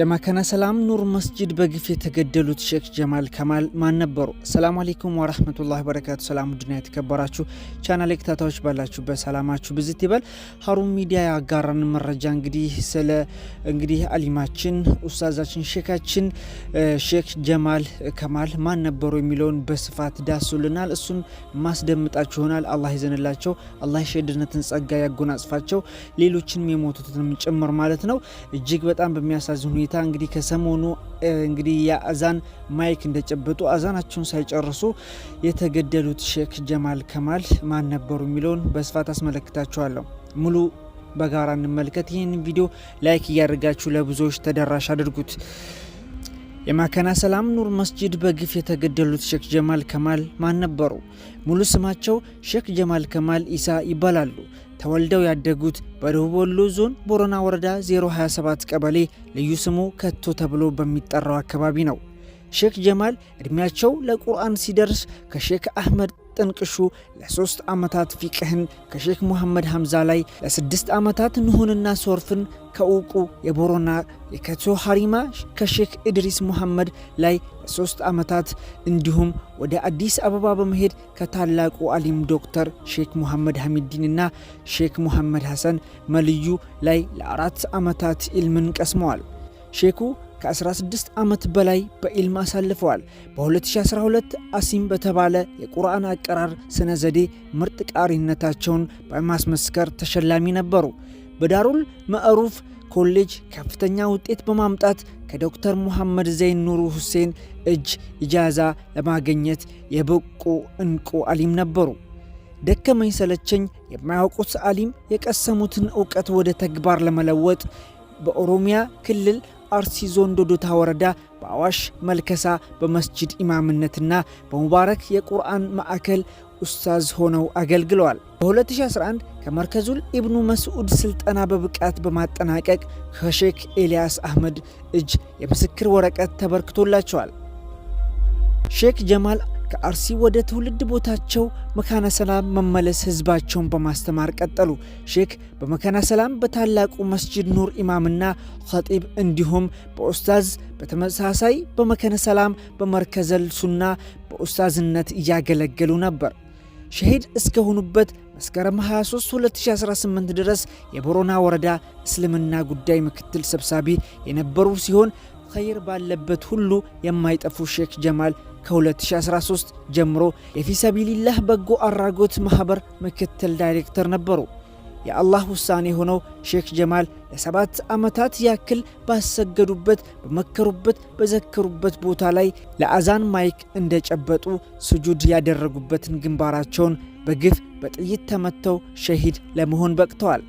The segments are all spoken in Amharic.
የመካነ ሰላም ኑር መስጂድ በግፍ የተገደሉት ሼክ ጀማል ከማል ማን ነበሩ? ሰላም አሌይኩም ወራህመቱላሂ ወበረካቱ። ሰላም ውድና የተከበራችሁ ቻናል ክታታዎች ባላችሁበት ሰላማችሁ ብዝት ይበል። ሀሩን ሚዲያ ያጋራን መረጃ እንግዲህ ስለ እንግዲህ አሊማችን ኡስታዛችን ሼካችን ሼክ ጀማል ከማል ማን ነበሩ የሚለውን በስፋት ዳሱልናል። እሱን ማስደምጣችሁ ይሆናል። አላህ ይዘንላቸው፣ አላህ የሸድነትን ጸጋ ያጎናጽፋቸው፣ ሌሎችንም የሞቱትንም ጭምር ማለት ነው። እጅግ በጣም በሚያሳዝን ሁኔታ ሁኔታ እንግዲህ ከሰሞኑ እንግዲህ የአዛን ማይክ እንደጨበጡ አዛናቸውን ሳይጨርሱ የተገደሉት ሼክ ጀማል ከማል ማን ነበሩ የሚለውን በስፋት አስመለክታችኋለሁ። ሙሉ በጋራ እንመልከት። ይህን ቪዲዮ ላይክ እያደረጋችሁ ለብዙዎች ተደራሽ አድርጉት። የማከና ሰላም ኑር መስጂድ በግፍ የተገደሉት ሼክ ጀማል ከማል ማን ነበሩ? ሙሉ ስማቸው ሼክ ጀማል ከማል ኢሳ ይባላሉ። ተወልደው ያደጉት በደቡብ ወሎ ዞን ቦረና ወረዳ 027 ቀበሌ ልዩ ስሙ ከቶ ተብሎ በሚጠራው አካባቢ ነው። ሼክ ጀማል ዕድሜያቸው ለቁርአን ሲደርስ ከሼክ አህመድ አስጠንቅሹ ለሶስት ዓመታት ፊቅህን ከሼክ ሙሐመድ ሐምዛ ላይ ለስድስት ዓመታት ንሁንና ሶርፍን ከእውቁ የቦሮና የከቶ ሐሪማ ከሼክ ኢድሪስ ሙሐመድ ላይ ለሶስት ዓመታት እንዲሁም ወደ አዲስ አበባ በመሄድ ከታላቁ አሊም ዶክተር ሼክ ሙሐመድ ሐሚዲንና ሼክ ሙሐመድ ሐሰን መልዩ ላይ ለአራት ዓመታት ኢልምን ቀስመዋል። ሼኩ ከ16 ዓመት በላይ በኢልም አሳልፈዋል። በ2012 አሲም በተባለ የቁርአን አቀራር ስነ ዘዴ ምርጥ ቃሪነታቸውን በማስመስከር ተሸላሚ ነበሩ። በዳሩል መዕሩፍ ኮሌጅ ከፍተኛ ውጤት በማምጣት ከዶክተር ሙሐመድ ዘይን ኑሩ ሁሴን እጅ ኢጃዛ ለማግኘት የበቁ እንቁ አሊም ነበሩ። ደከመኝ ሰለቸኝ የማያውቁት አሊም የቀሰሙትን እውቀት ወደ ተግባር ለመለወጥ በኦሮሚያ ክልል አርሲ ዞን ዶዶታ ወረዳ በአዋሽ መልከሳ በመስጅድ ኢማምነትና በሙባረክ የቁርአን ማዕከል ኡስታዝ ሆነው አገልግለዋል። በ2011 ከመርከዙል ኢብኑ መስዑድ ስልጠና በብቃት በማጠናቀቅ ከሼክ ኤልያስ አህመድ እጅ የምስክር ወረቀት ተበርክቶላቸዋል። ሼክ ጀማል ከአርሲ ወደ ትውልድ ቦታቸው መካነ ሰላም መመለስ ህዝባቸውን በማስተማር ቀጠሉ። ሼክ በመካነ ሰላም በታላቁ መስጅድ ኑር ኢማምና ኸጢብ እንዲሁም በኡስታዝ በተመሳሳይ በመካነ ሰላም በመርከዘል ሱና በኡስታዝነት እያገለገሉ ነበር። ሸሂድ እስከሆኑበት መስከረም 23 2018 ድረስ የቦሮና ወረዳ እስልምና ጉዳይ ምክትል ሰብሳቢ የነበሩ ሲሆን ኸይር ባለበት ሁሉ የማይጠፉ ሼክ ጀማል ከ2013 ጀምሮ የፊሰቢሊላህ በጎ አድራጎት ማኅበር ምክትል ዳይሬክተር ነበሩ። የአላህ ውሳኔ ሆነው ሼክ ጀማል ለሰባት ዓመታት ያክል ባሰገዱበት፣ በመከሩበት፣ በዘከሩበት ቦታ ላይ ለአዛን ማይክ እንደጨበጡ ስጁድ ያደረጉበትን ግንባራቸውን በግፍ በጥይት ተመተው ሸሂድ ለመሆን በቅተዋል።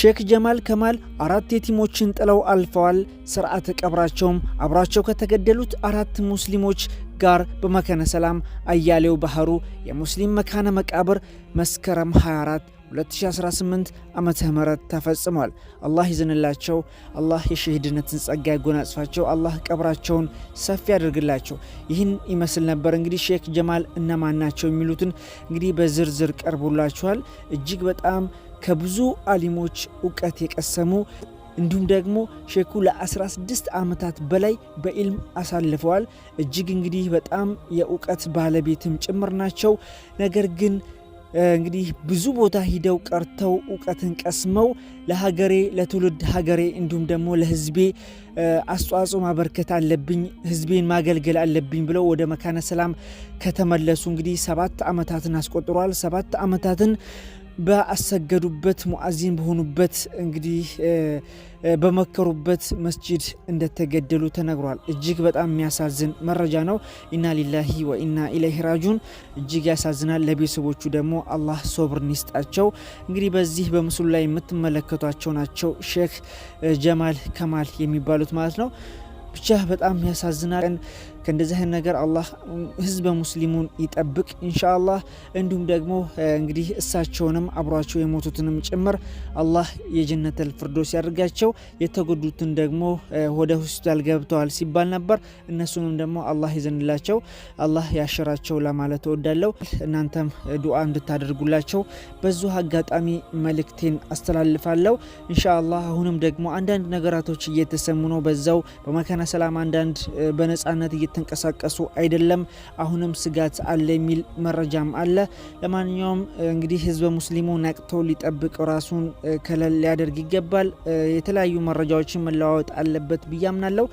ሼክ ጀማል ከማል አራት የቲሞችን ጥለው አልፈዋል። ስርዓተ ቀብራቸውም አብሯቸው ከተገደሉት አራት ሙስሊሞች ጋር በመካነ ሰላም አያሌው ባህሩ የሙስሊም መካነ መቃብር መስከረም 24 2018 ዓ ም ተፈጽሟል። አላህ ይዝንላቸው። አላህ የሸሂድነትን ጸጋ ያጎናጽፋቸው። አላህ ቀብራቸውን ሰፊ ያደርግላቸው። ይህን ይመስል ነበር እንግዲህ ሼክ ጀማል እነማን ናቸው የሚሉትን እንግዲህ በዝርዝር ቀርቦላችኋል። እጅግ በጣም ከብዙ አሊሞች እውቀት የቀሰሙ እንዲሁም ደግሞ ሼኩ ለ16 ዓመታት በላይ በኢልም አሳልፈዋል። እጅግ እንግዲህ በጣም የእውቀት ባለቤትም ጭምር ናቸው። ነገር ግን እንግዲህ ብዙ ቦታ ሂደው ቀርተው እውቀትን ቀስመው ለሀገሬ ለትውልድ ሀገሬ እንዲሁም ደግሞ ለሕዝቤ አስተዋጽኦ ማበርከት አለብኝ፣ ሕዝቤን ማገልገል አለብኝ ብለው ወደ መካነ ሰላም ከተመለሱ እንግዲህ ሰባት ዓመታትን አስቆጥሯል። ሰባት ዓመታትን በአሰገዱበት ሙአዚን በሆኑበት እንግዲህ በመከሩበት መስጂድ እንደተገደሉ ተነግሯል። እጅግ በጣም የሚያሳዝን መረጃ ነው። ኢና ሊላሂ ወኢና ኢለይሂ ራጁን። እጅግ ያሳዝናል። ለቤተሰቦቹ ደግሞ አላህ ሶብርን ይስጣቸው። እንግዲህ በዚህ በምስሉ ላይ የምትመለከቷቸው ናቸው ሼክ ጀማል ከማል የሚባሉት ማለት ነው። ብቻ በጣም ያሳዝናል። ከእንደዚህ ነገር አላህ ህዝበ ሙስሊሙን ይጠብቅ ኢንሻአላህ። እንዲሁም ደግሞ እንግዲህ እሳቸውንም አብሯቸው የሞቱትንም ጭምር አላህ የጀነተል ፍርዶስ ያድርጋቸው። የተጎዱትን ደግሞ ወደ ሆስፒታል ገብተዋል ሲባል ነበር። እነሱንም ደግሞ አላህ ይዘንላቸው፣ አላህ ያሸራቸው ለማለት እወዳለሁ። እናንተም ዱዓ እንድታደርጉላቸው በዙ አጋጣሚ መልእክቴን አስተላልፋለሁ። ኢንሻአላህ አሁንም ደግሞ አንዳንድ ነገራቶች እየተሰሙ ነው። በዛው በመካነ ሰላም አንዳንድ በነጻነት እየተንቀሳቀሱ አይደለም፣ አሁንም ስጋት አለ የሚል መረጃም አለ። ለማንኛውም እንግዲህ ህዝበ ሙስሊሙ ነቅቶ ሊጠብቅ ራሱን ከለል ሊያደርግ ይገባል። የተለያዩ መረጃዎችን መለዋወጥ አለበት ብዬ አምናለሁ።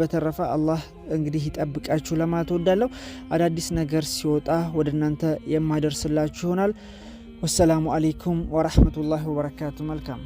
በተረፈ አላህ እንግዲህ ይጠብቃችሁ ለማለት እወዳለሁ። አዳዲስ ነገር ሲወጣ ወደ እናንተ የማደርስላችሁ ይሆናል። ወሰላሙ አሌይኩም ወረህመቱላሂ ወበረካቱ። መልካም